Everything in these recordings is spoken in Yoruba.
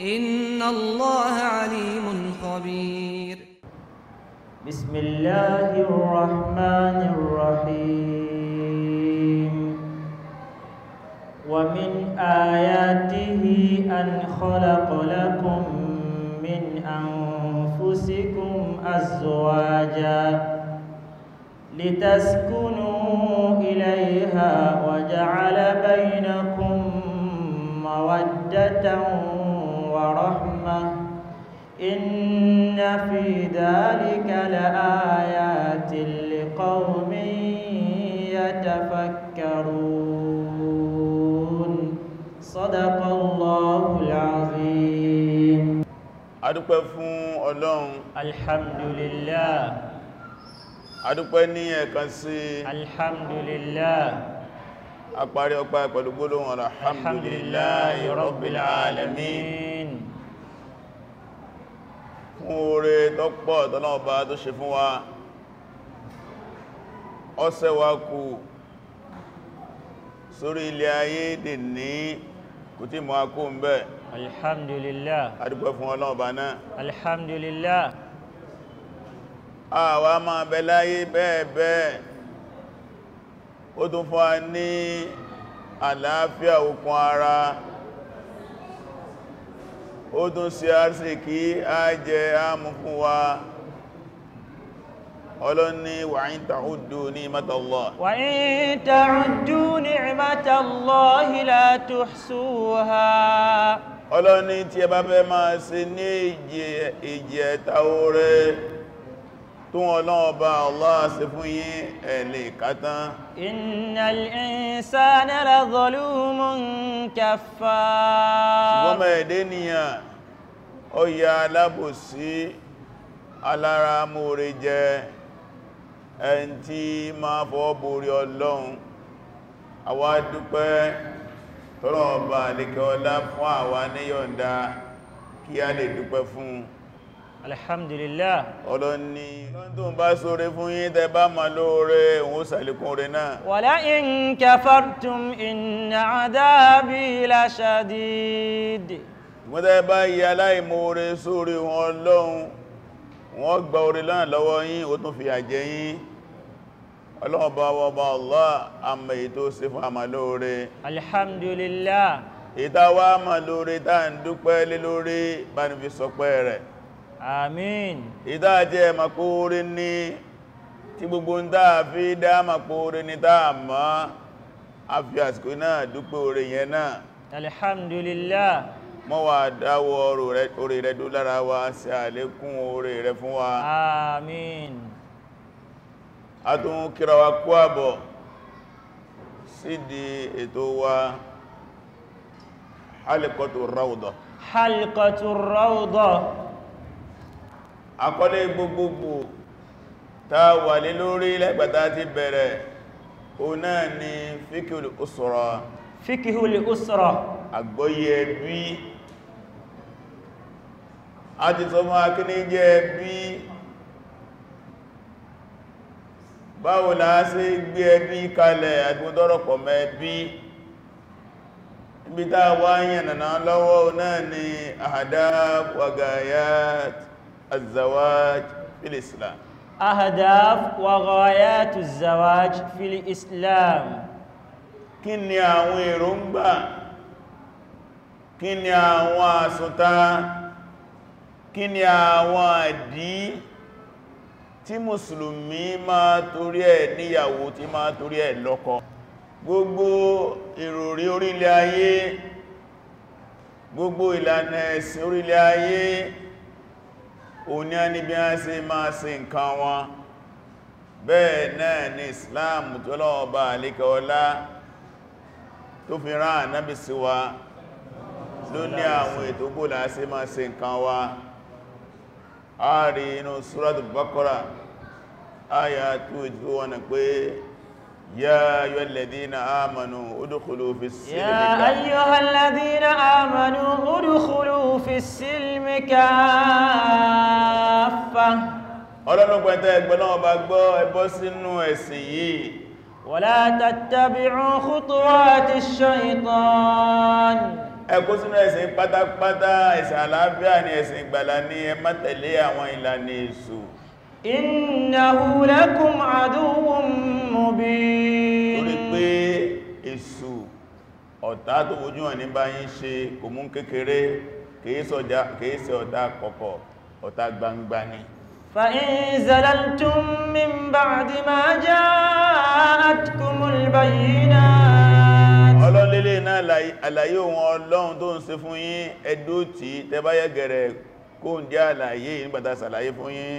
إن الله عليم خبير بسم الله الرحمن الرحيم ومن آياته أن خلق لكم من أنفسكم أزواجا لتسكنوا إليها وجعل بينكم مودة ورحمة إن في ذلك لآيات لقوم يتفكرون صدق الله العظيم adúpẹ́ fún الحمد لله. adúpẹ́ ní ẹ̀kan sí alhamdulillah àparí ọpá pẹ̀lú gbólóhùn alhamdulillah rabbil alamin fún oore tọ́pọ̀ tọ́lọ́ọ̀bá tó ṣe fún wa ọ́sẹ́ wa kú sórí ilé ayé dè ní kò tí mọ́ akó ń bẹ́ alhamdulillah adúgbò fún ọlọ́ọ̀bá náà alhamdulillah àwa ma bẹ láyé bẹ́ẹ̀ bẹ́ẹ̀ ó tún fún wa ní àlàáfíà okun ara ó tún sí àrísìkí ajẹ́ àmúkún wa ọlọ́ni wa in ta'uddu ni'matallahi wa in ta'uddu ni'matallahi la tuhsuha ọlọ́ni tí ẹ bá fẹ́ máa ṣe ní ìjẹ́ ẹ̀ta oore tó ọlọ́wọ́ bá Allah ṣe fún yín ẹ̀lẹ̀ ìkátán. Innal insana jẹ máa fọ́ borí ọlọ́run àwa dúpẹ́ tọ́rọ̀ ọba àlékẹ́ ọlá fún awa níyọ̀ǹda kí a lè dúpẹ́ fún alhamdulillah ọlọ́ni tó ń bá sóre fún yí tẹ bá ma lóore òun sàlẹ̀kún rẹ̀ náà wala in kafartum inna adabi la shadid wọ́n tẹ́ bá yí aláìmoore sóre wọn lọ́hun wọ́n gba orí lọ́nà lọ́wọ́ yín ó tún fi àjẹ yín ọlọ́run bá wọ́n bá Allah ń dúpẹ́ lé lórí bá ní fi sọpẹ́ rẹ̀ àmín ìdájẹ́ ẹmàkóore ní tí gbogbo ń dáa fi dámàkóore ní dáàmà a fi àsìkò náà dúpẹ́ oore yẹn náà alhamdulillah mọ́ wà dáwọ́ oore rẹ̀ dó lára wa sí àlékún oore rẹ̀ fún wa àmín a tún kíra wa kú àbọ̀ sídi ètò wa halqatu rawda halqatu rawda àkọlé gbogbogbò tá a wà ti bẹ̀rẹ̀ o náà ni fíkíhùlì òsọ̀rọ̀ fíkíhùlì òsọ̀rọ̀ àgbọ́yé ẹbí a ti sọ mọ́ akíní jẹ́ ẹbí báwo la ṣe gbé ẹbí kalẹ̀ àgbóndọ́rọ̀pọ̀ mẹ́bí ibi tá a lọ́wọ́ náà ni àdá الزواج في الإسلام أهداف وغايات الزواج في الإسلام kí ni àwọn èròǹgbà kí ni àwọn àsùntá kí ni àwọn àdí tí mùsùlùmí máa torí ẹ̀ níyàwó tí máa torí ẹ̀ lọ́kọ gbogbo ìròrí orílẹ̀ ayé gbogbo ìlànà ẹ̀sìn orílẹ̀ ayé òní a ní bí a ṣe máa na nǹkan wọn bẹ́ẹ̀ náà ni Islam tó lọ́ọ̀bá àlíkà ọlá tó fi rán ànábì sí wa ló ní àwọn ètò máa nǹkan wa a rí inú Suratul Baqara áyà 2 يا أيها الذين آمنوا ادخلوا في السلم يا أيها الذين آمنوا ادخلوا في السلم كافة bá gbọ́ ẹbọ́ sínú ẹ̀sìn yìí ولا تتبعوا خطوات الشيطان ẹkó sínú ẹ̀sìn pátápátá ẹ̀sìn àlàáfíà ni ẹ̀sìn ìgbàlá ní ẹ má tẹ̀lé àwọn ìlànà èṣù innahu lakum aduwwun mubin orí pé èṣù ọ̀tá tó ojú wọn ní bá yín ṣe kò mú kékeré kìí ṣe ọ̀tá kọ̀kọ̀ ọ̀tá gbangba ni ọlọ́lélé náà àlàyé ohun ọlọ́run tó ń ṣe fún yín ẹdó tí tẹbáyẹ gẹ̀rẹ̀ kó ń jẹ́ àlàyé nígbàtà ṣàlàyé fún yín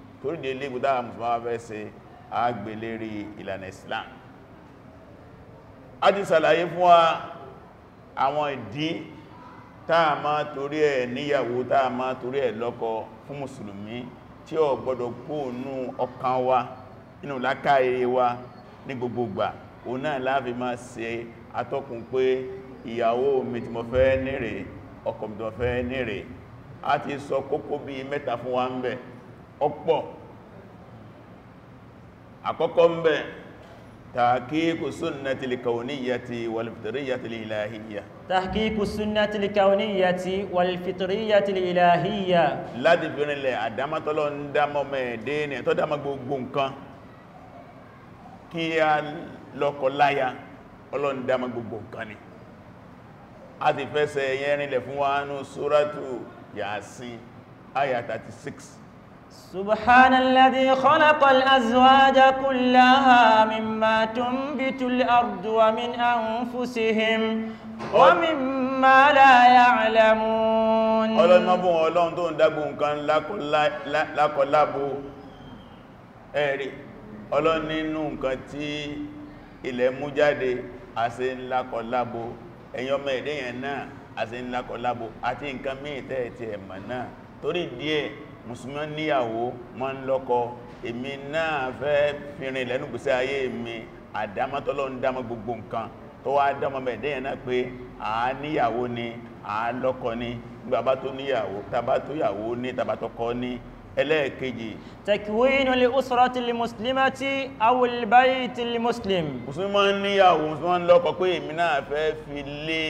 torí di ilé ìgbòdá musulmawa fẹ́ ṣe agbèlérí ìlànà Islam a ti sàlàyé fún wa àwọn ìdí táà máa torí ẹ̀ níyàwó táà máa torí ẹ̀ lọ́kọ fún mùsùlùmí tí ó gbọ́dọ̀ póònú ọkàn wa inú lákàáyé wa ní gbogbogbà o náà láàfin máa ṣe atọ́kùn pé ìyàwó mi nírè ọkọ nírè a ti sọ kókó bí mẹ́ta fún wa ń bẹ̀ẹ́ ọ̀pọ̀ àkọ́kọ́ ń bẹ̀ tàkíkù súnnàtí lìkàuníyàtí wàlìfìtìríyàtí ìlàhíyà tàkíkù súnnàtí lìkàuníyàtí wàlìfìtìríyàtí ìlàhíyà láti fìrinlẹ̀ àdámátọ́lọ́ ń dámọ́ mẹ́ẹ̀dẹ́nẹ̀ tó dámọ́ gbogbo nǹkan kí a lọ́kọ láya Ọlọ́run dámọ́ gbogbo nǹkan ni a ti fẹ́sẹ̀ yẹn fún wa nú súrátù Yásìn àyà 36 سبحان الذي خلق الأزواج كلها مما تنبت الأرض ومن أنفسهم ومما لا يعلمون Ọlọ́run ma bùn Ọlọ́run tó ń dágbò nǹkan lákọlábò ẹ̀rì Ọlọ́run nínú nǹkan tí ilẹ̀ mú jáde àṣẹ ńlákọlábò ẹ̀yin ọmọ ẹ̀dẹ́yàn náà àṣẹ ńlákọlábò àti nǹkan mí ìtẹ́ ẹ̀tì ẹ̀mà náà torí díẹ̀ musulman níyàwó ma ń lọ́kọ èmi náà fẹ́ fìrin lẹ́nu gbèsè ayé mi àdámátọ́lọ́ ń dámọ́ gbogbo nǹkan tó wá dámọ́ mẹ́dẹ́yàn náà pé a níyàwó ni a lọ́kọ ni bàbá tó níyàwó tàbá tó yàwó ní tàbá tọkọ ní ẹlẹ́ẹ̀kejì takwinu li usrati li muslimati awil bayti li muslim musulmi ma ń níyàwó musulmi ń lọ́kọ pé èmi náà fẹ́ fi ilé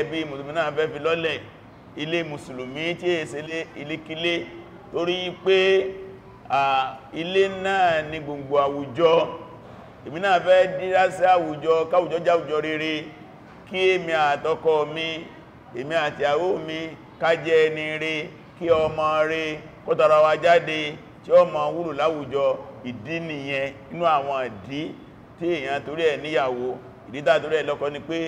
ẹbí musulmi náà fẹ́ fi lọ́lẹ̀ ilé mùsùlùmí tí è ṣe ilékílé torí pé ilé náà ni gbogbo àwùjọ èmi náà fẹ́ dírá sí àwùjọ káwùjọ jáwùjọ rere kí èmi àtọkọ mi èmi àti àwó mi kájẹ ẹni re kí ọmọ rí kọ́tara wa jáde tí ó mọ wúlò láwùjọ ìdí nìyẹn inú àwọn ìdí tí èèyàn torí ẹ̀ níyàwó ìdí tàà torí ẹ̀ ni pé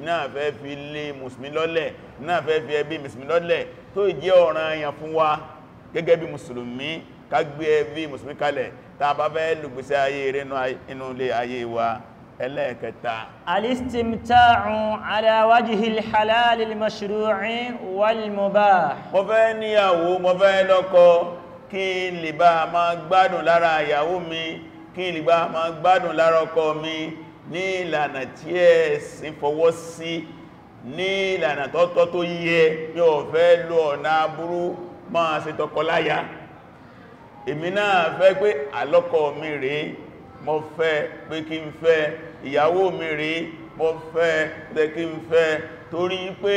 náà fẹ́ fi lé mùsùlùmí lọ́lẹ̀ náà fẹ́ fi ẹbí mùsùlùmí lọ́lẹ̀ tó jẹ́ ọ̀ranyàn fún wa gẹ́gẹ́ bí mùsùlùmí ká gbé ẹbí mùsùlùmí kalẹ̀ tá a bá fẹ́ lùgbìsẹ̀ ayé rẹ̀ inú ilé ayé wa ẹlẹ́ẹ̀kẹta alistimta'u ala wajhil halal al-mashru'i wal mubah mo fẹ́ kí n lè gbádùn lára ìyàwó mi kí n lè gbádùn lára ọkọ mi ní ìlànà tí ẹ̀sìn fọwọ́ sí ní ìlànà tọ́tọ́ tó yẹ bí o fẹ́ lọ ọ̀nà aburú máa ṣe tọkọláya èmi náà fẹ́ pé àlọ́kọ mi rí mo fẹ́ pé kí n fẹ́ ìyàwó mi rí mo fẹ́ pé kí n fẹ́ torí pé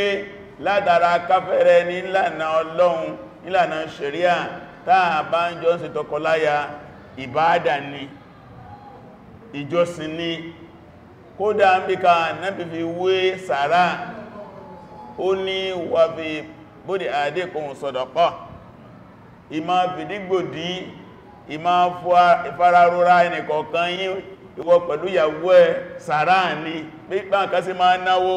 ládàra káfẹ́rẹ́ ní ìlànà ọlọ́run nílànà ṣẹ̀ríà táà bá ń jọ ṣe tọkọláya ìbáadà ni ìjọsìn ni kódà ń bí ká náàbí fi wé sàárá ó ní wà fi bóde àdé kòhùn sọ̀dọ̀pọ̀ ìmá fìdígbòdí ìmá ìfararora ẹnìkọ̀ọ̀kan yí ìwọ pẹ̀lú ìyàwó ẹ sàárá ní pípà kan sí máa náwó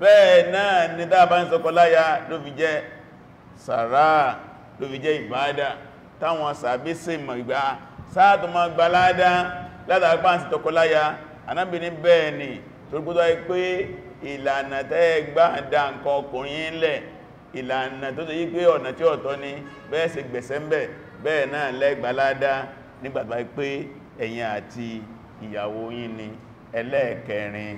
bẹ́ẹ̀ náà ni dábá ń sọkọláyà ló fi jẹ́ sàárá ló fi jẹ́ ìbádà táwọn sàbí sí mọ̀ ìgbà sáà tó látàgbà àti tọkọláya anábìnrin bẹ́ẹ̀ ni tó gbọ́dọ̀ pé ìlànà tẹ́ẹ̀gbà dá nǹkan ọkùnrin lẹ̀ ìlànà tó tó yí pé ọ̀nà tí ọ̀tọ̀ ni bẹ́ẹ̀ gbẹ̀sẹ̀ ń bẹ́ẹ̀ náà lẹ́gbàládá nígbàtà pé ẹ̀yin àti ìyàwó yín ni ẹlẹ́ẹ̀kẹrin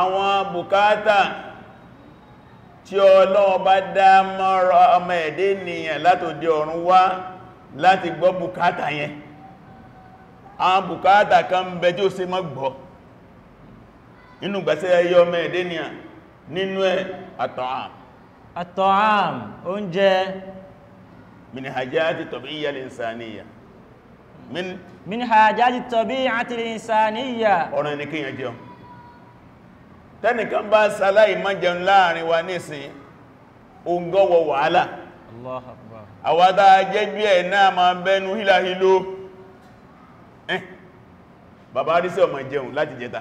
àwọn bùkátà tí Ọlọ́run bá dá mọ́rọ ọmọ ẹ̀dẹ́ ènìyàn látòdí ọ̀run wá láti gbọ́ bukata yẹn àwọn bukata kan bẹ tí ó ṣe mọ́ gbọ́ inú ẹyọ ọmọ ẹ̀dẹ́ ènìyàn nínú ẹ àtọ̀àm àtọ̀àm oúnjẹ min hajati tabi'iyya tẹ́nìkan bá sàláì má jẹun láàrin wa nísìn ogọ́wọ̀ wàhálà Allahu Akbar àwádá jẹ́jú ẹ̀ náà ma bẹnu hílàhílò ẹ́ bàbá rí sí ọmọ jẹun láti jẹta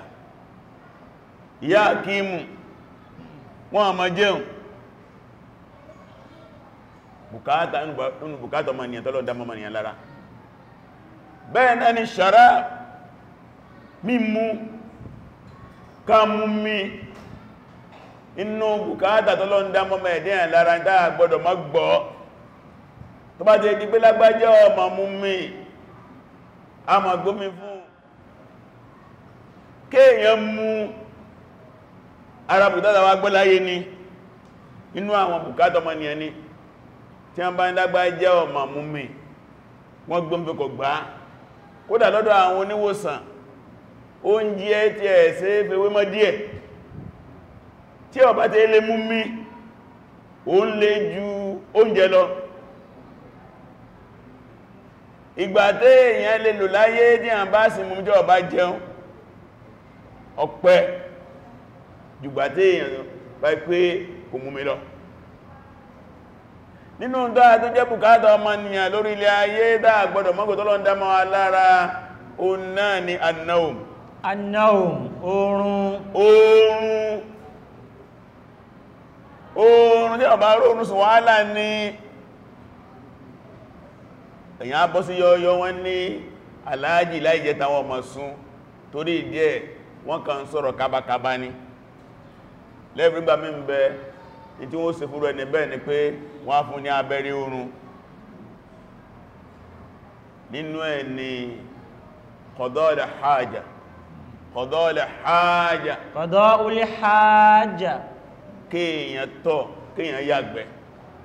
ìyá kíìmù wọ́n ọmọ jẹun bùkátà inú bùkátà ọmọ ènìyàn tọ́lọ̀ dá ènìyàn lára bẹ́ẹ̀ náà ni ṣàrá mímú ká mi inú bùkátà tó lọ ń dámọ́ mẹ́ẹ̀dẹ́yàn lára dáa gbọ́dọ̀ má gbọ́ tó bá jẹ́ ìdí pé lágbájá ọmọ mú mi a ma gómi fún kéèyàn mú ara bùkátà wá gbọ́láyé ni inú àwọn bùkátà ọmọ ni ẹni tí a bá ń lágbájá ọmọ mú mi wọ́n gbọ́mí kò gbá kódà lọ́dọ̀ àwọn oúnjẹ tí ẹ̀ ṣe é fewé mọ́ díẹ̀ tí ọ bá tẹ́ lé mú mí o ń lè ju oúnjẹ lọ ìgbà tẹ́ èèyàn lè lò láyé ní àbá sí mú jọ ọba jẹun ọpẹ́ jùgbà tẹ́ èèyàn bá pé kò mú mi lọ nínú dáa àti jẹ́ bùkátà ọmọnìyàn lórí ilé ayé dáa gbọ́dọ̀ mọ́gbọ̀tọ́lọ́ ń dámọ́ alára òun náà ni annaum anáhùn oorun oorun oorun tí ọba oorun sùn wàhálà ní èyàn á bọ́ sí yọyọ wọn ní aláàjì láìjẹ́ táwọn ọmọ sún torí díẹ̀ wọ́n kàn sọ̀rọ̀ kábàkábà ní lẹ́bígbà mí ń bẹ tí wọ́n ṣe fúrú ẹni bẹ́ẹ̀ ni pé wọ́n fún ní abẹ́rẹ́ oorun nínú ẹ̀ ni kọ̀dọ́ọ̀dà hajjá qada ul haja qada ul haja kéèyàn tọ̀ kéèyàn yàgbẹ́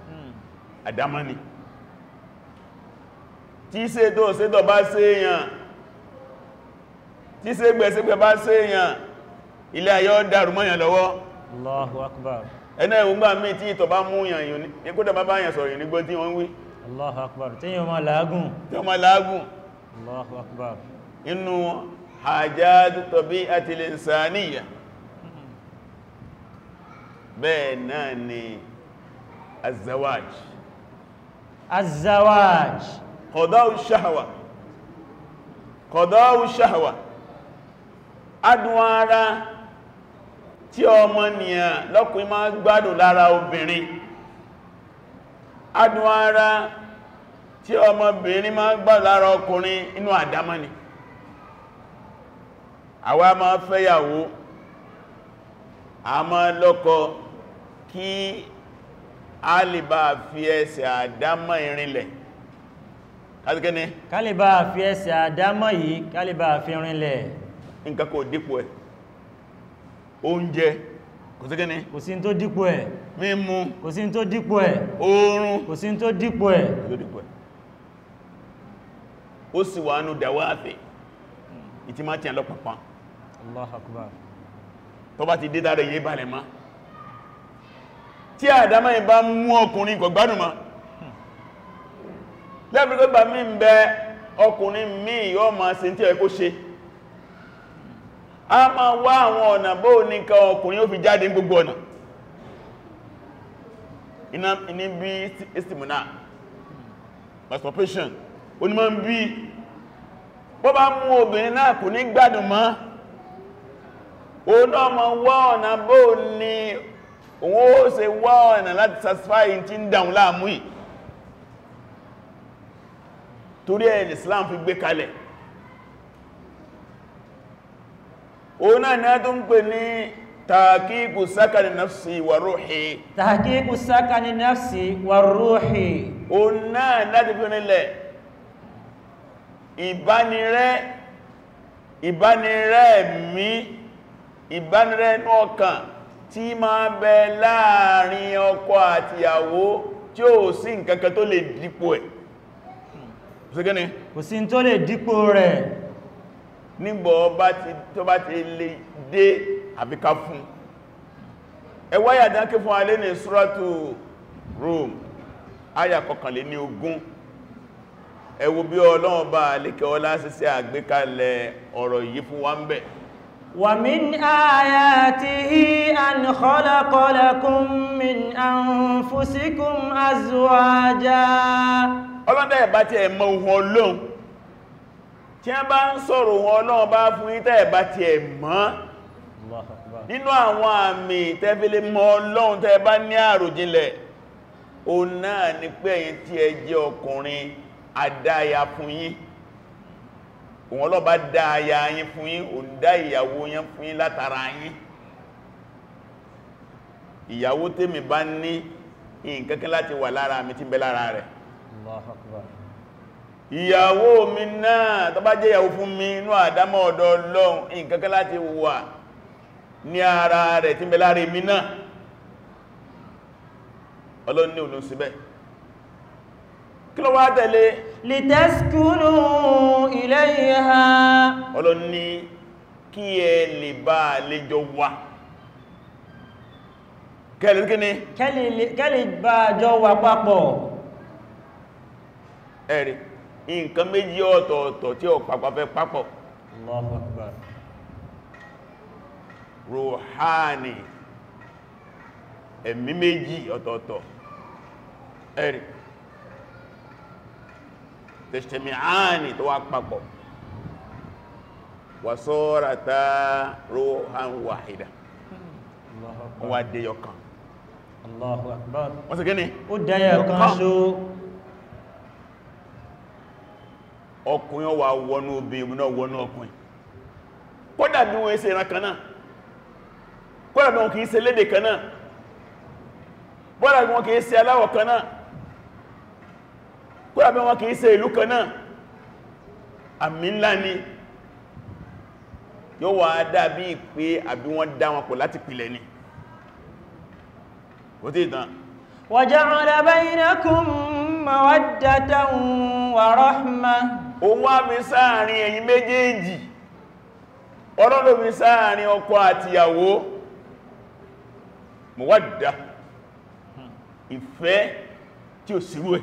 hmm. àdámání tí ṣètò ṣètò bá ṣèyàn tí ṣègbẹ̀ṣègbẹ̀ bá ṣèyàn ilé ayé ó dàrú mọ́yàn lọ́wọ́ Allahu akbar ẹ̀nà ìwọ̀ngbà mí tí ìtọ̀ bá mú yàn ní kó dàbá báyàn sọ̀rọ̀ yìí nígbó tí wọ́n wí akbar inú hajjadu tọ̀bí àti lè sàníyà bẹ́ẹ̀ náà ni azawaj azawaj kọ̀dáwù ṣáhàwà kọ̀dáwù ṣáhàwà adùn ara tí ọmọ nìyàn lọ́kùn máa gbádùn lára obìnrin adùn ara tí ọmọbìnrin máa gbádùn lára ọkùnrin inú àdámọ́ àwa máa fẹ́yàwó a máa lọ́kọ kí a lè bá fi ẹsẹ̀ àdámọ́ ìrìnlẹ̀ kásíkẹ́ ni kálìbà fi ẹsẹ̀ àdámọ́ yìí kálìbà fi ìrìnlẹ̀ nǹkan kò dípò ẹ̀ oúnjẹ kò sí kíní kò sí tó dípò ẹ̀ mímu kò sí tó dípò ẹ̀ oorun kò sí tó dípò ẹ̀ ó sì wà nù dàwáfẹ́ ìtí máa tí àlọ́pàá Allah akbar tó bá ti dé dáre yé balẹ̀ mọ́ tí àdámá ìbá mú ọkùnrin kò gbádùn mọ́ lẹ́bìrìkọ́ mí ń bẹ ọkùnrin yọ máa tí a máa wá àwọn ọ̀nà bó nìkan ọkùnrin ó fi jáde ní gbogbo ọ̀nà iná ní bí masturbation onímọ̀ ń bí mú obìnrin náà kò ní òun náà mọ̀ wá ọ̀nà bó ní òun ó ṣe wá ọ̀nà láti satisfy tí ń dáun láàmú ì torí ẹ̀ Islam fi gbé kalẹ̀ òun náà náà tó ń pè ní tàkíkù sákàní náfsì wà rúhì tàkíkù sákàní náfsì wà rúhì òun náà láti fi nílẹ̀ ìbánirẹ́ ìbánirẹ́ mi ìbánirẹ́nú ọkàn tí ń bẹ láàrin ọkọ ìyàwó tí ó sí nǹkankan tó lè dípò ẹ̀ ṣíkẹ́ni kò sí tó lè dípò rẹ̀ nígbọ̀ tó bá ti lè dé àbíká fún ẹwà yàdánkí fún alé ní ṣúrọ́tù Rum ayà kọkànlé ní ogún ẹ bí sí sí àgbékalẹ̀ fún wa ومن آياته أن خلق لكم من أنفسكم أزواجا ọlọ́dẹ ẹ̀bá tí ẹ mọ ohun ọlọ́run tí a bá ń sọ̀rọ̀ ohun ọlọ́run bá fún ìtẹ́ ẹ̀bá tí ẹ mọ̀ nínú àwọn àmì tẹ́fẹ́lẹ́ mọ ọlọ́run tẹ́ bá ní àròjinlẹ̀ o náà ni pé ẹ̀yin tí ẹ jẹ́ ọkùnrin àdáyà fún yín òun ọlọ́ba dá aya yín fún yín òun dá ìyàwó yín fún yín látara yín ìyàwó tèmi bá ní nǹkankan láti wà lára mi tí ń bẹ lára rẹ̀ Allahu Akbar ìyàwó mi náà tó bá jẹ́ ìyàwó fún mi inú àdámọ́ ọ̀dọ̀ Ọlọ́run nǹkankan láti wà ní ara rẹ̀ tí bẹ lára mi náà Ọlọ́run ní kí ló wá tẹ̀lé litaskunu ilayha ọlọ́ni kí ẹ lè bá lẹ́jọ wà kẹ́lì kíni kẹ́lì bá jọ wà papọ̀ ẹ̀rì nǹkan méjì ọ̀tọ̀ọ̀tọ̀ tí ọ̀pàpà fẹ́ papọ̀ Allahu Akbar ruhani ẹ̀mí méjì ọ̀tọ̀ọ̀tọ̀ ẹ̀rì tẹ̀ṣtẹ̀mìáni tó wá papọ̀ wà sọ́rọ̀ ta rohan wahida wà dẹyọ kan Allahu Akbar wọ́n sì gẹ́ni ó dẹyọ kan ṣó ọkùnrin wà wọnú obìnrin náà wọnú ọkùnrin kódà bí wọ́n ṣe ìran kan bí wọ́n kìí ṣe lédè kan náà bí wọ́n kìí ṣe aláwọ̀ kan àbí wọn kìí ṣe ìlú kan náà àmì ńlá ni yóò wà dábí pé àbí wọ́n dá wọn pọ̀ láti pìlẹ̀ ni ó tí ìtàn waja'ala bainakum mawaddatan wa rahma ó wá mi sáàrin ẹ̀yin méjèèjì ọlọ́lọ́ mi ẹ̀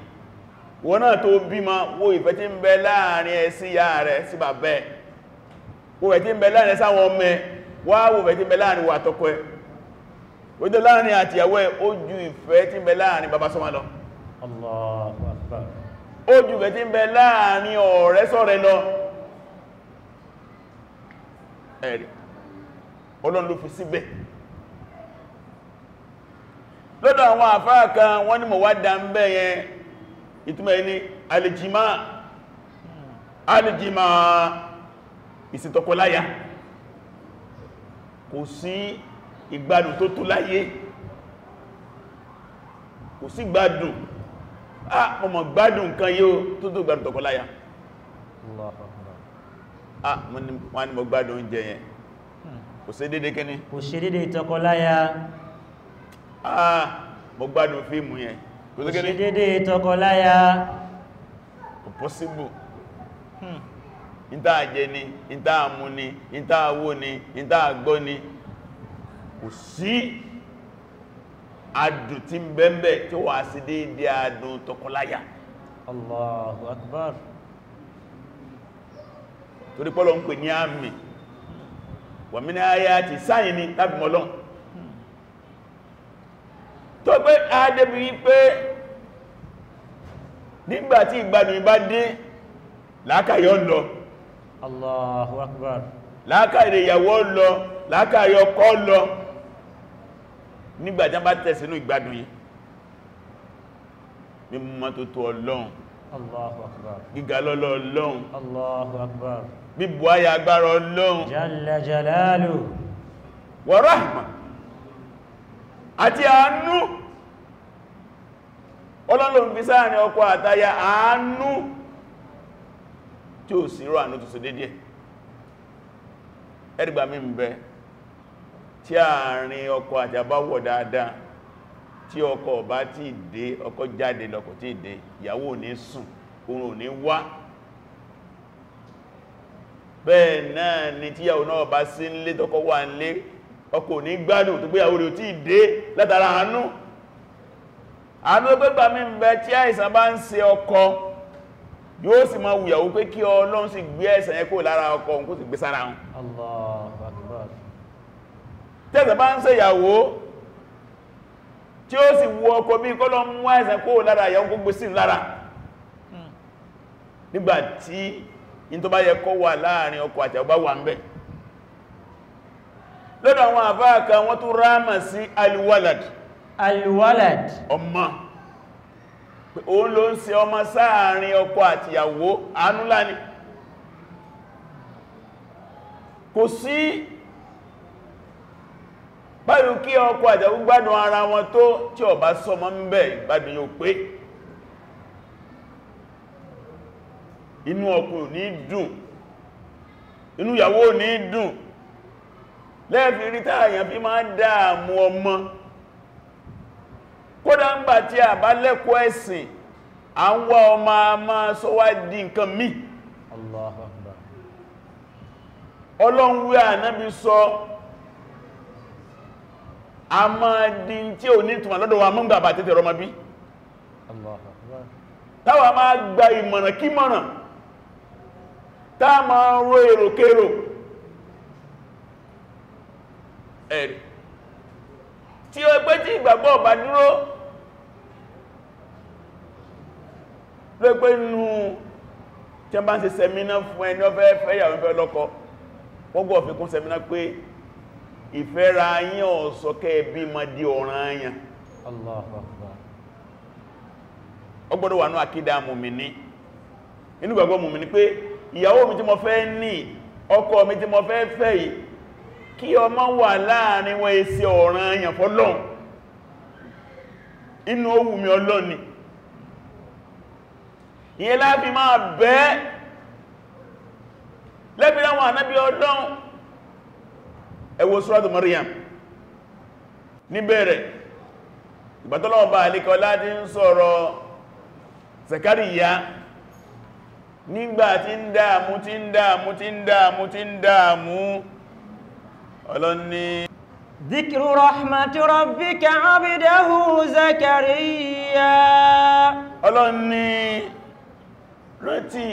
wọ́n náà tó bímọ wo ìfẹ́ tí ń bẹ láàrin ẹ sí ya rẹ̀ sí bàbẹ́ wo ìfẹ́ tí ń bẹ láàrin sáwọn ọmọ wá wo ìfẹ́ tí ń bẹ láàrin wà tọ́kọ ẹ ó jẹ́ láàrin àtìyàwó ẹ ó ju ìfẹ́ tí ń bẹ láàrin bàbá sọ́mọ lọ Allahu Akbar ó ju ìfẹ́ tí ń bẹ láàrin ọ̀rẹ́ sọ́rẹ́ lọ́dọ̀ àwọn àfáà kan wọ́n ní mọ̀wádà ń bẹ́ yẹn ìtumọ̀ ẹni alìjìmá alìjìmá ìsìntọ́kọláyà kò sí ìgbádùn tó tó láyé kò sí gbádùn ah ọmọ gbádùn nǹkan yóò tó tó gbádùn tọkọláyà ah wọ́n ni mo gbádùn oúnjẹ yẹn kò sí dédé kíní kò sí dédé tọkọláyà ah mo gbádùn fíìmù yẹn kò sí gẹ́ni dédé tọkọláya kò pọ́síbù ìta hmm. àjẹ ni ìta àmú ni ìta àwó ni ìta àgbọ́ ni kò sí adùn tí ń bẹ́m̀bẹ̀ tí wà sí dédé adùn tọkọláya Allahu Akbar torí pọ́lọ̀ ń pè ní àmì wàmínà ayá ti sáyìn ni tàbí mọ́lọ́n tó pé adébì wípé nígbàtí ìgbàdùn ìbá dé láàkàyọ́ lọ Allahu Akbar láàkàrí ìyàwó lọ láàkàrí ọkọ lọ nígbàtí a bá tẹ̀sínú ìgbàdùn yìí mímọ́ tó tó ọlọ́run Allahu gíga lọ́lọ́ ọlọ́run Allahu Akbar bíbù ayà agbára àti àánú ọlọ́lọ́n fi sáàrin ọkọ àtaya àánú tí ó sì rọ àánú tó sì dédé ẹ̀rìgbà mi ń bẹ tí àárín ọkọ àjàbá wọ̀ dáadáa tí ọkọ bá ti dé ọkọ jáde lọ́kọ tí dé ìyàwó ò ní sùn oòrùn ò ní wá bẹ́ẹ̀ náà ni tíyàwó náà bá sí ń lé tọ́kọ wà ń lé ọkọ ní gbádùn tó gbéyàwó rẹ̀ tí dé látara àánú àánú pẹ́gbà mi ń bẹ tí àìsàn bá ń ṣe ọkọ yóò sì máa wùyàwó pé kí Ọlọ́run sì gbé ẹ̀sàn yẹn kó lára ọkọ òun kó sì gbé sára wọn Allahu Akbar tẹ́sàn bá ń ṣe ìyàwó tí ó sì wù ọkọ bí kọ́ lọ mú àìsàn kó lára ìyàwó kó gbé sí lára hmm. nígbàtí in tó bá yẹ kó wà láàrin ọkọ àti ìyàwó wà ń bẹ́ẹ̀ lọ́dọ̀ àwọn àbá kan wọ́n tún ráàmà sí alwalad alwalad ọmọ òun ló ń ṣe ọmọ sáàrin ọkọ àtìyàwó àánúlá kò sí báyìí ọkọ gbádùn ara wọn tó tí ọ bá sọmọ ń bẹ̀ ìgbádùn yóò pé inú lẹ́ẹ̀fì rí táàyàn fi máa ń dáàmú ọmọ kódà ń tí a bá lẹ́kọ́ ẹ̀sìn a ń wá ọmọ a máa sọ di nǹkan mí Allahu ànábi sọ a máa di tí ò ní lọ́dọ̀ wa mọ́ gbà rọmọ bí gba ìmọ̀ràn kí mọ̀ràn táà máa ro èrò ẹ̀rì tí ó pé tí ìgbàgbọ́ ọ̀bá dúró ló pé nù tí a bá ń sẹ́mínà fún ẹni ọfẹ́ fẹ́yàwó fẹ́ lọ́kọ gbogbo ọ̀fikún sẹ́mínà pé ìfẹ́ra yín ọ̀sọ́kẹ́ ma di ọ̀ràn ayàn ọgbọ́dọ̀ kí ọmọ wà láàrin wọn èsì ọ̀ràn àyàn fọ́lọ́n inú ohun mi ọlọ́n ni ìyẹn láàfi máa bẹ́ lẹ́bí láwọn ànábí ọlọ́n ẹ wo suratu Maryam níbẹ̀rẹ̀ ìgbàtọ́lọ́ọ̀bá àlíkọlá ti ń sọ̀rọ̀ Zakariya nígbà tí ń dáàmú tí ń dáàmú tí ń dáàmú tí ń dáàmú ọlọ́ni ذكر رحمة ربك عبده زكريا ọlọ́ni rántí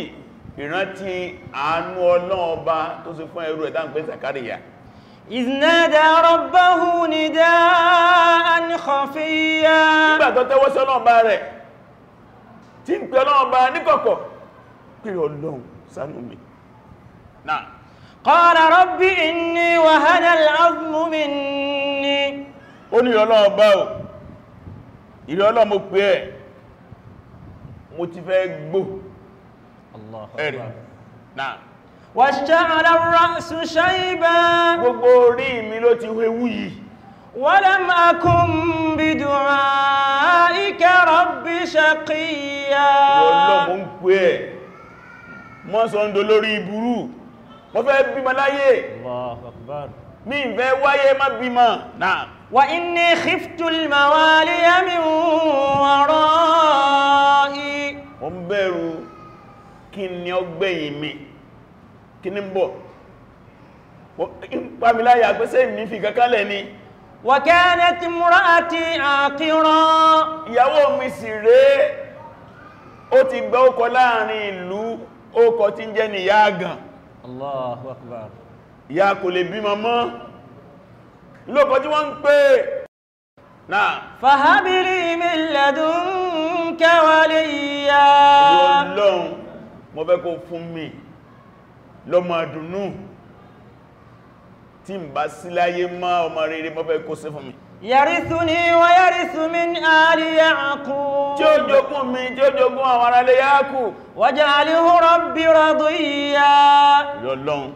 ìrántí àánú ọlọ́ọba tó sì fún ẹrú ẹ̀dá ń pè Zakariya إذ نادى ربه نداء خفيا nígbà tó tẹ́wọ́ قال رب إني وهن العظم مني ó ní Ọlọ́run bá o ìrẹ́ Ọlọ́run mo pè ẹ́ mo ti fẹ́ gbó ẹ̀rì náà wàṣíṣẹ́ ra'su shayba gbogbo orí mi ló ti wéwú yìí walam akun bidu'aika rabbi shaqiyya Ọlọ́run mo ń pè ẹ́ mọ́ sọ ń dolórí burú mo fẹ́ bímọ láyé mi fẹ́ wáyé má bímọ náà wa inni khiftul mawaliya min wara'i mo ń bẹ̀rù kí ni ó gbẹ̀yìn mi kí ni ń bọ̀ pàmìláyà pẹ́sẹ̀ mi fi kankanlẹ̀ ni wa kanat imra'ati aqira ìyàwó mi sì rèé ó ti gbẹ́ ọkọ láàrin ìlú ọkọ tí ń jẹ́ nìyá gan Allahu Akbar ìyá kò lè bímọ mọ́ lókọ tí wọ́n ń pè náà fàhábìrí mi lẹ́dùn kẹwàlẹ̀ ìyá Ọlọ́run mo fẹ́ kó fún mi lọ́mọ àdùnnú tí ń bá síláyé má ọmọ rere mo fẹ́ kó sí fún mi yarisuni wa yarisu min ali yaqub tí ó jogún mi tí ó jogún àwọn ará ilé yaqub waj'alhu rabbi radiya lọ́lọ́un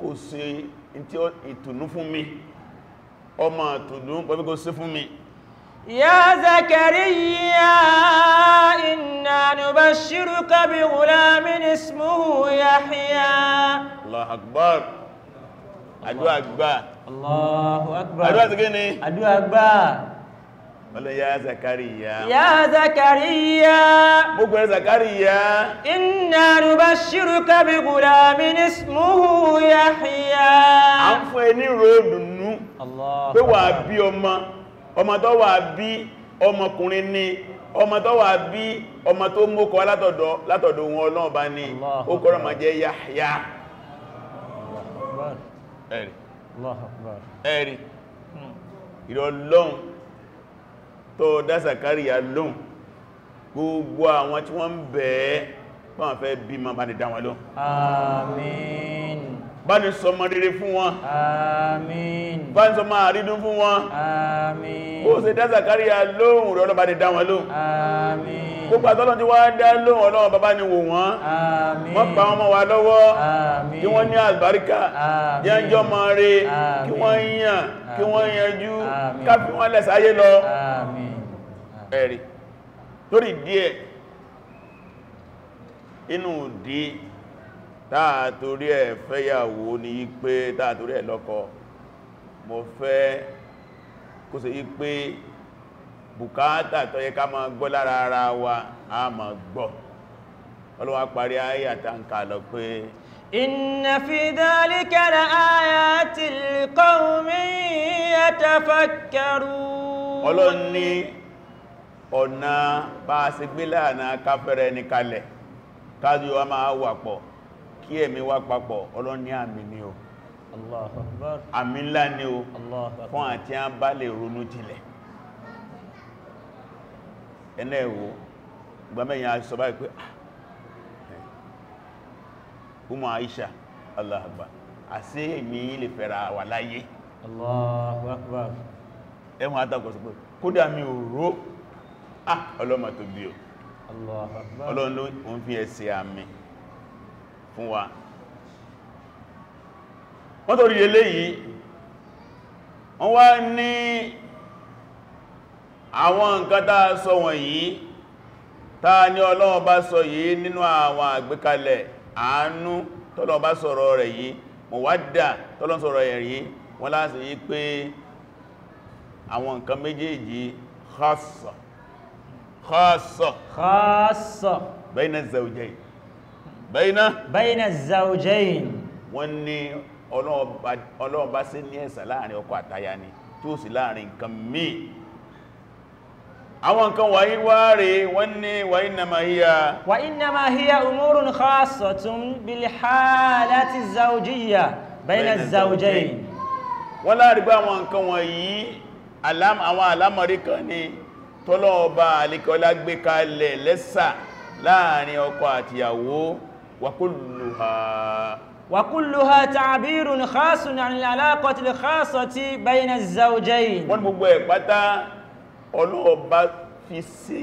kò ṣe ìtùnú fún mi ọmọ ìtùnú pẹ̀lú kò ṣe fún mi ya zakariya inna nubashiruka bi ghulamin ismuhu yahya allah akbar àdúrà gbà Allahu Akbar àdúrà ti gíní àdúrà gbà ọlọ́ ya zakariya ya zakariya gbogbo ẹ zakariya inna nubashiruka bi gulamin ismuhu yahya a ń fún ẹ ní ròdùnú pé wà bí ọmọ ọmọ tó wà bí ọmọkùnrin ni ọmọ tó wà bí ọmọ tó mọ́kọ látọ̀dọ̀ látọ̀dọ̀ wọn Ọlọ́run bá ó kọ́rọ̀ ẹ̀rì ẹ̀rì hmm. ìrọ̀lọ́un tó dá Zakariya lóhùn gbogbo àwọn tí wọ́n ń bẹ̀ẹ́ pọ́n fẹ́ bí ma bá ní dáwọn lóhùn àmín bá ní sọmọ rere fún wọn àmín bá ní sọmọ àrídún fún wọn àmín ó ṣe dá Zakaria lóhùn rẹ̀ ọlọ́bàá ni dá wọn lóhùn àmín gbogbo àtọ́lọ́n ti wá dá lóhùn ọlọ́wọ́n bàbá ni wò wọ́n àmín wọ́n pa ọmọ wa lọ́wọ́ àmín kí wọ́n ní àlùbáríkà jẹ́njọ́ táàtorí ẹ̀ fẹ́yàwó ní pé táàtorí ẹ̀ lọ́kọ mo fẹ́ kó ṣe yí pé bùkátà tó yẹ ká máa gbọ́ lára ara wa a máa gbọ́ ọlọ́wà parí ayà tánkà lọ pé inna fi dhalika la ayatin li qawmin yatafakkarun ọlọ́n kalẹ̀ káàdù wa máa wà pọ̀ kí ẹ̀mí wá papọ̀ ọlọ́ni àmì ni o Allahu Akbar àmì ńlá ni o fún àti a bá lè ronú jinlẹ̀ ẹnẹ́ ìwò gbàmẹ́yìn aṣọ báyìí pé ah, eh, Umu Aisha Allahu Akbar àṣí èmì lè fẹ́ra wà láyé Allahu Akbar ẹwọ́n àtàkọ̀sọ̀ pé kódà mi ò ró ah ọlọ́mà tó bí o Allahu Akbar ọlọ́run ló ń fi ẹ̀sẹ̀ àmì fún wa wọ́n tó rí eléyìí wọ́n wá ní àwọn nǹkan tá a sọ wọ̀nyí tá a ní Ọlọ́run bá sọ yìí nínú àwọn àgbékalẹ̀ àánú tọ́lọ́run bá sọ̀rọ̀ rẹ̀ yìí mọ̀wádà tọ́lọ́run sọ̀rọ̀ rẹ̀ yìí wọ́n láti yí pé àwọn nǹkan méjèèjì khassa khassa bẹ́ẹ̀nà bẹ́ẹ̀nà zaujain wọ́n ní ọlọ́run bá sí ní ẹ̀sà láàrin ọkọ àtaya ni tó sì láàrin nǹkan míì àwọn nǹkan wáyí wáre wọ́n ní wa innama hiya wa innama hiya umurun khassatun bil halati zaujiyya bẹ́ẹ̀nà láàrin bá àtìyàwó وكلها وكلها تعبير خاص عن العلاقة الخاصة بين الزوجين wọ́n gbogbo ẹ̀ pátá ọlọ́ọ̀bá fi ṣe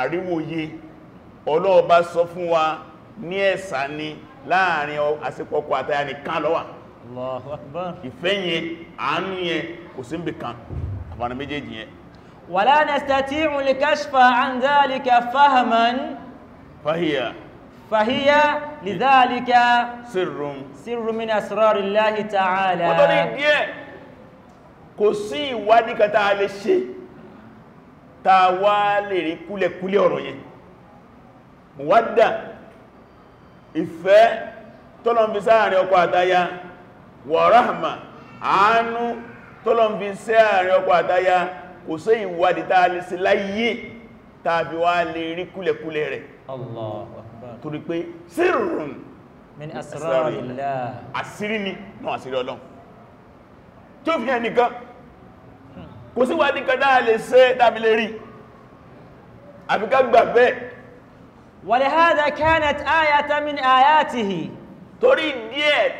àríwòye ọlọ́ọ̀bá sọ fún wa ní ẹ̀sà ni láàrin àsìkọkọ àtaya nìkan ló wà ìfẹ́yìn ولا نستطيع الكشف عن ذلك فهما فهي لذلك سر سر من asrarillahi الله تعالى tó ní díẹ̀ kò sí ìwádìí kan tàà lè ṣe tàà wá lè rí kúlẹ̀kúlẹ̀ ọ̀rọ̀ yẹn mọ̀wádà ìfẹ́ tọ́lọ̀mbí sáàrin ọkọ àtaya wa rahma àánú tọ́lọ̀mbí sáàrin ọkọ àtaya kò sí ìwádìí tàà lè ṣe láyé tàbí wá lè rí Allah torí pé sírùn min asrarillah àṣírí ni náà àṣírí ọlọ́run tí ó fi hàn nìkan kò sí wà nìkan dáa lè ṣe dábílé rí àfikà gbàgbẹ́ walihada kanat ayata min ayatihi torí díẹ̀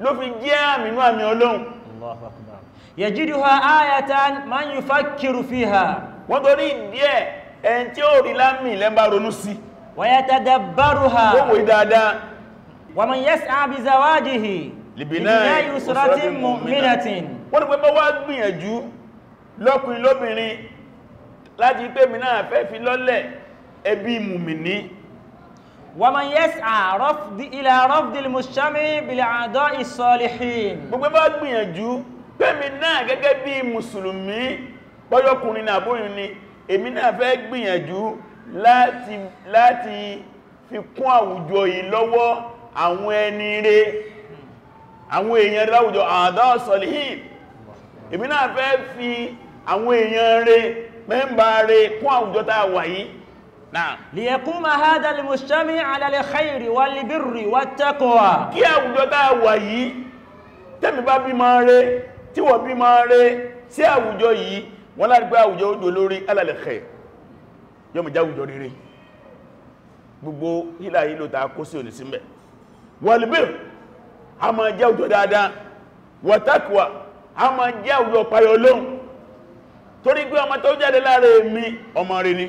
ló fi jẹ́ àmìnú àmì ọlọ́run Allahu akbar yajiduha ayatan man yufakkiru fiha wọ́n torí díẹ̀ ẹn tí ó rí lámì lẹ́mbà ronú sí si wàyàtàdàbárùhà wọ́wọ́ ìdáadáa wà mọ̀ yẹ́sì àbí zawajihi lìbìnà ìsọ́rọ̀tí mìíràtín wọ́n ni pé mọ́ wá gbìyànjú lọ́kùn lóbìnrin láti pé mi náà fẹ́ fi lọ́lẹ̀ ẹbí mùmìní wà mọ̀ yẹ́sì ilẹ̀ rọ́fdìl mùsàmì bìlẹ̀ àdọ́ ìsọ̀lìhìn gbogbo bá gbìyànjú pé mi náà gẹ́gẹ́ bí mùsùlùmí bọ́yọkùnrin nàbóyìn ni èmi náà fẹ́ gbìyànjú láti láti fi kún àwùjọ yìí lọ́wọ́ àwọn ẹni rẹ̀ àwọn èèyàn láwùjọ àdá sọ̀lìhìn èmi náà fẹ́ fi àwọn èèyàn rẹ̀ mẹ́mbà rẹ̀ kún àwùjọ táa wà yìí náà liyaquma hadha al-mujtami' ala al-khayri wal-birri wat-taqwa kí àwùjọ táa wà yìí tẹ́mi bá bí máa rẹ̀ tí wọ́n bí máa rẹ̀ sí àwùjọ yìí wọ́n láti gbé àwùjọ odò lórí ala al yóò mọ̀ jáwùjọ rere gbogbo hílà hílò ta kó sí òní símẹ̀ wọlbíl a máa jáwùjọ dáadáa wọ̀tákùwà a máa jáwùjọ payọ lóhun torí pé ọmọ tó jáde lára èmi ọmọ rẹ̀ ni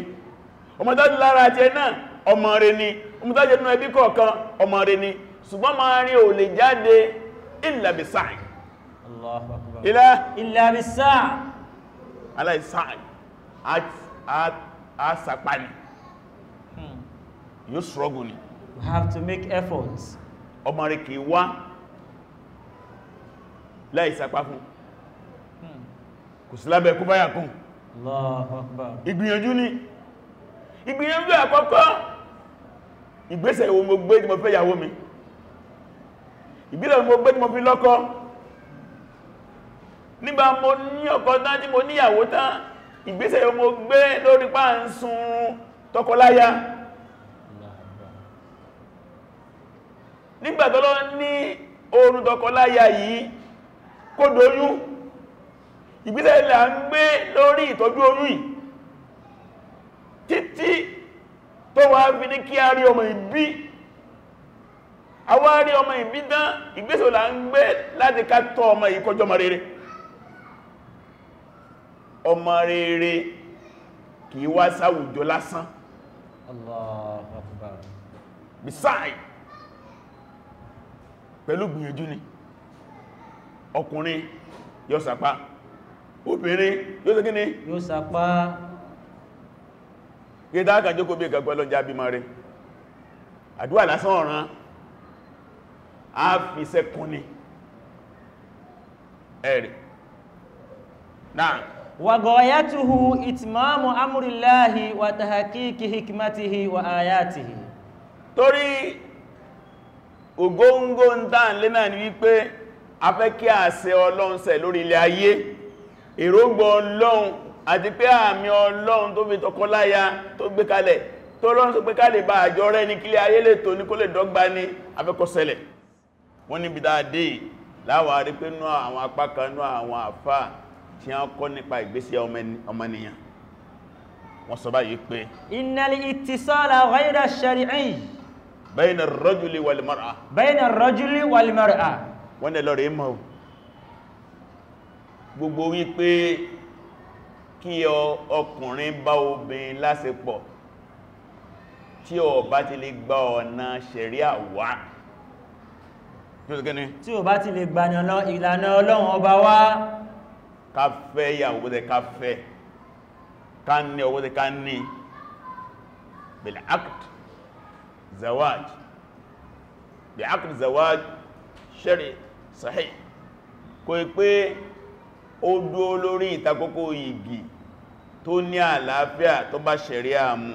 ọmọ tó jáde lára àti ẹ̀nà ọmọ rẹ̀ ni ọmọ tó jáde nínú ẹbí kọ̀ọ̀kan ọmọ rẹ̀ ni ṣùgbọ́n máa rí ò lè jáde ìlàbìsáì ìlàbìsáì a sapa ni hmm. yóò struggle ni we have to make efforts ọmọ rẹ̀ kìí wá láì sapa fún hmm. kò sí lábẹ́ kó báyà kún ìgbìyànjú ni ìgbìyànjú àkọ́kọ́ ìgbésẹ̀ ìwò mo gbé tí mo fẹ́ ìyàwó mi ìbílẹ̀ mo gbé tí mo fi lọ́kọ nígbà mo ní ọkọ tán tí mo níyàwó tán ìgbésẹ̀ mo gbé lórí pa ń sunrun tọkọláyá nígbàtọ́lọ́ ní oorun tọkọláyá yìí kó doyún ìgbésẹ̀ ilẹ̀ ń gbé lórí ìtọ́jú oyún yìí títí tó wà fi ní kí a rí ọmọ ìbí àwárí ọmọ ìbí dán ìgbésẹ̀ là ń gbé láti ká tọ́ ọmọ ìkọjọmọ rere ọmọ rere kì í wá sáwùjọ lásán Allahu beside pẹ̀lú gbìyànjú ni ọkùnrin yóò sàpá obìnrin yóò sàkí ni yóò sàpá gẹ́dá àkàjókò bí ìgbàgbọ́ lọ́njá bí ma rẹ̀ àdúwà lásán ọ̀ràn a fi sẹ́kún ni ẹ̀rẹ̀ náà وغايته إتمام أمر الله وتحقيق حكمته وآياته torí ògóngó ń ni wípé a kí àṣẹ ọlọ́run lórí ilẹ̀ ayé èrògbọ́ ọlọ́run àti pé àmì ọlọ́run tó fi tọkọláya tó gbé kalẹ̀ tó ayé lè tó dọ́gba ní a fẹ́ tí a kọ́ nípa ìgbésí ọmọnìyàn wọ́n sọ báyìí pé innal ittisala ghayra shari'i bayna ar-rajuli wal mar'a bayna ar-rajuli wal mar'a wọ́n lọ rí mọ́ gbogbo wípé kí ọkùnrin bá obìnrin lásìpọ̀ tí ó bá ti lè gba ọ̀nà ṣẹ̀ríà wá tí ó bá ti lè gbaná ìlànà ọlọ́run ọba wá ká fẹ́ ìyàwó bó tẹ ká fẹ́ ká ní ọwọ́ tẹ ká ní bil aqd zawaj bil aqd zawaj shari sahih kò pé ó dúó lórí ìtakókò yìgì tó ní àlàáfíà tó bá ṣẹ̀ríà mu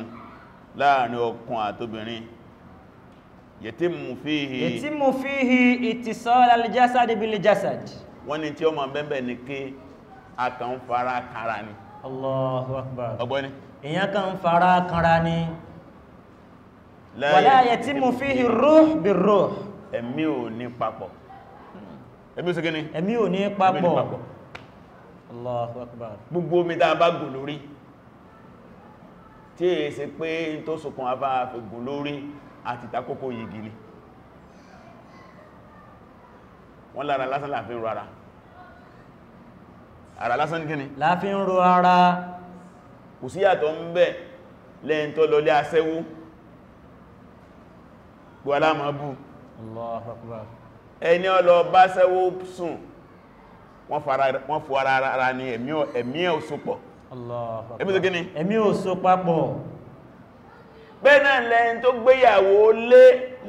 láàrin ọkùn àtobìnrin yẹtímù fíhì yẹtímù fíhì ìtìsọ́lá al-jasad bil wọ́n ni tí ó ma bẹ́ẹ̀bẹ̀ kí akàn fara kára ni Akbar ọgbọ́ni èyàn kan fara kára ni wala yatimu fihi ruh bir ruh ẹ̀mí ò ní papọ̀ ẹ̀mí ò sí gíní ẹ̀mí ò ní papọ̀ Akbar gbogbo omi tá a bá gùn lórí tí è ṣe pé tó sùkún afáàfẹ́gùn lórí àti ìtakókò yìí gini wọ́n lára lásán láàfin rárá ara lásán kíni láàfin ro ara kò sí yàtọ̀ ń bẹ lẹ́yìn tó lọlé aṣẹ́wó gbọ́ alámọ́bù Akbar ẹni ọlọ bá aṣẹ́wó sùn wọ́n fò ara ara ní ẹ̀mí ò so pọ̀ ẹ̀mí tó kíni ẹ̀mí ò so papọ̀ bẹ́ẹ̀ náà lẹ́yìn tó gbéyàwó lé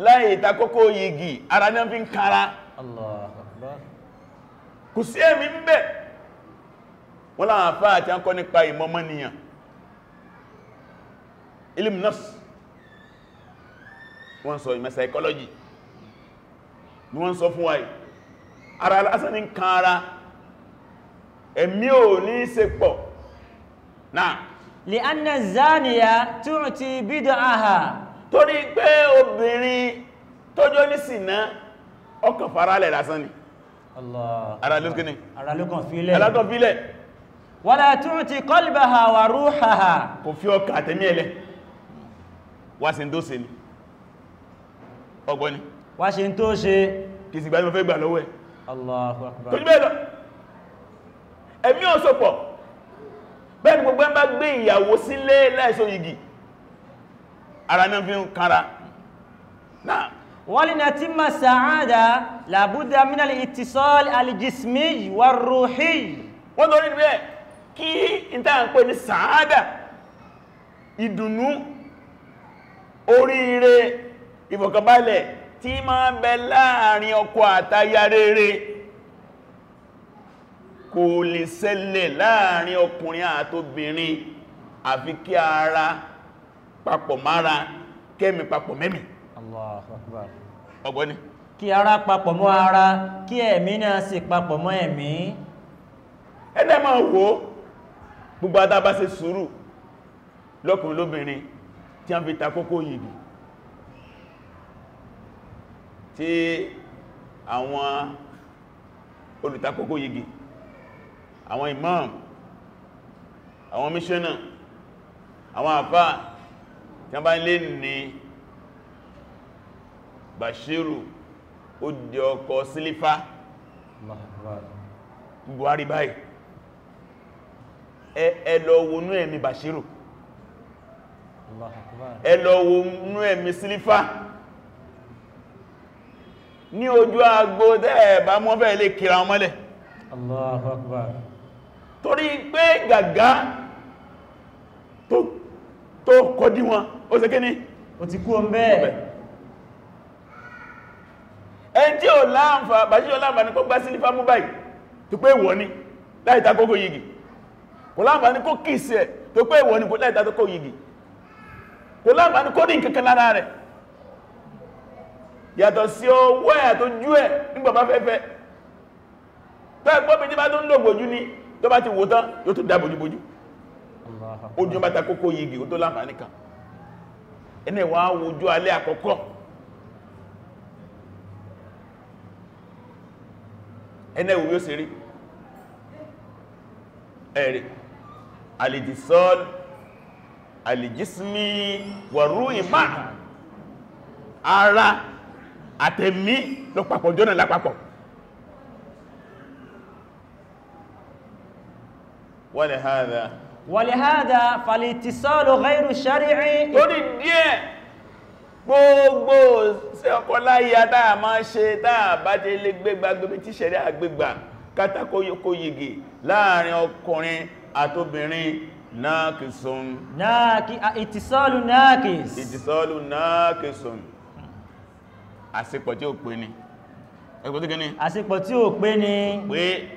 láì ìtakókó yìgì ara náà fi Akbar kò sí ẹ̀mí ń bẹ wọ́n láwọn àfáà àti àkọ́ nípa ìmọ̀mọ́nìyàn ilm nafs wọ́n sọ ìmẹ̀ psychology ni wọ́n sọ fún wa yìí ara lásán ní kan ara ẹ̀mí ò ní ṣe pọ̀ náà li'anna zaniya tu'ti bid'aha torí pé obìnrin tójó ní sínà ọkàn faralẹ̀ lásán ni ara lókàn fílẹ̀ wala tu'ti qalbaha wa ruhaha kò fi ọkà àtẹ́mí ẹlẹ́ wá sí tó ṣe ní ọgbọ́ni wá sí tó ṣe kì sí gbájúmọ́ fẹ́ gbà lọ́wọ́ ẹ̀ Allahu akbar tó jí bẹ́ẹ̀ lọ ẹ̀mí ọ̀sọ̀pọ̀ bẹ́ẹ̀ ni gbogbo ẹ̀ bá gbé ìyàwó sílé láìsọ لابد من الاتصال الجسمي والروحي وضعين بيه kí ìtàǹpẹ́ ní sàádà ìdùnnú oríire ìfọ̀kànbalẹ̀ tí máa ń bẹ láàrin ọkọ àtaya rere kò lè ṣẹlẹ̀ láàrin ọkùnrin àtobìnrin àfi kí ara papọ̀ mára kẹ́mi papọ̀ mẹ́mi Allahu Akbar ọgbọ́ni kí ara papọ̀ mọ́ ara kí ẹ̀mí náà sì papọ̀ mọ́ ẹ̀mí ẹ̀dẹ́ máa gbogbo adá bá ṣe sùúrù lọ́kùnrin lóbìnrin tí a ń fi takókó yìí tí àwọn olùtakókó yìí àwọn imam àwọn míṣẹ́nà àwọn àpá tí a bá lè ní Bashiru ó di ọkọ̀ sílífà Buhari báyìí ẹlọ́wọ́nú ẹ̀mí Bashiru ẹlọ́wọ́nú ẹ̀mí sílífà ní ojú agbó dẹ́ẹ̀bá mọ́bẹ̀ lè kìra mọ́lẹ̀ torí pé gàgá tó kọdí wọn ó ṣe kíní ó ti kú ọmọ ẹ̀ ẹn tí láàmfà Bashiru láàmfà ní kó gbá sílífà mú báyìí tó pé wọ́n ní kò láàbà ní kó kìsì ẹ̀ tó pé ìwọ̀ ní kò láìta tó kó yìí kò láàbà ní kó ní kankan lára rẹ̀ yàtọ̀ sí ọwọ́ ẹ̀ tó jú ẹ̀ nígbàmá fẹ́fẹ́ tó ẹ̀pọ́ méjì bá tó ń lò bojú ní tó bá ti wò tán yóò tó dá bojúbojú ojú bá ta kókó yìí ó tó láàbà nìkan ẹni wà wojú alẹ́ àkọ́kọ́ ẹni ìwò yóò ṣe rí ẹ̀rì alìdìsọ́l alìjísmí wọ̀rú ìmá ara àtẹ̀mí ló papọ̀ jọ́nà lápapọ̀ wàlẹ̀háàdá wàlẹ̀háàdá fàlìtìsọ́lù ghayru shari'i lórí díẹ̀ gbogbo sí ọkọ láyá táà máa ṣe táà bá jẹ́ lé gbégbà gbogbo tí ṣẹ̀rẹ́ àgbégbà kátakó yóò kó yìgì láàrin ọkùnrin àtóbìnrin náàkìsùn ìtìsọ́lù náàkìs ìtìsọ́lù náàkìsùn àsìpọ̀ tí ó pé ni ẹgbẹ́ ni àsìpọ̀ tí ó pé ni pé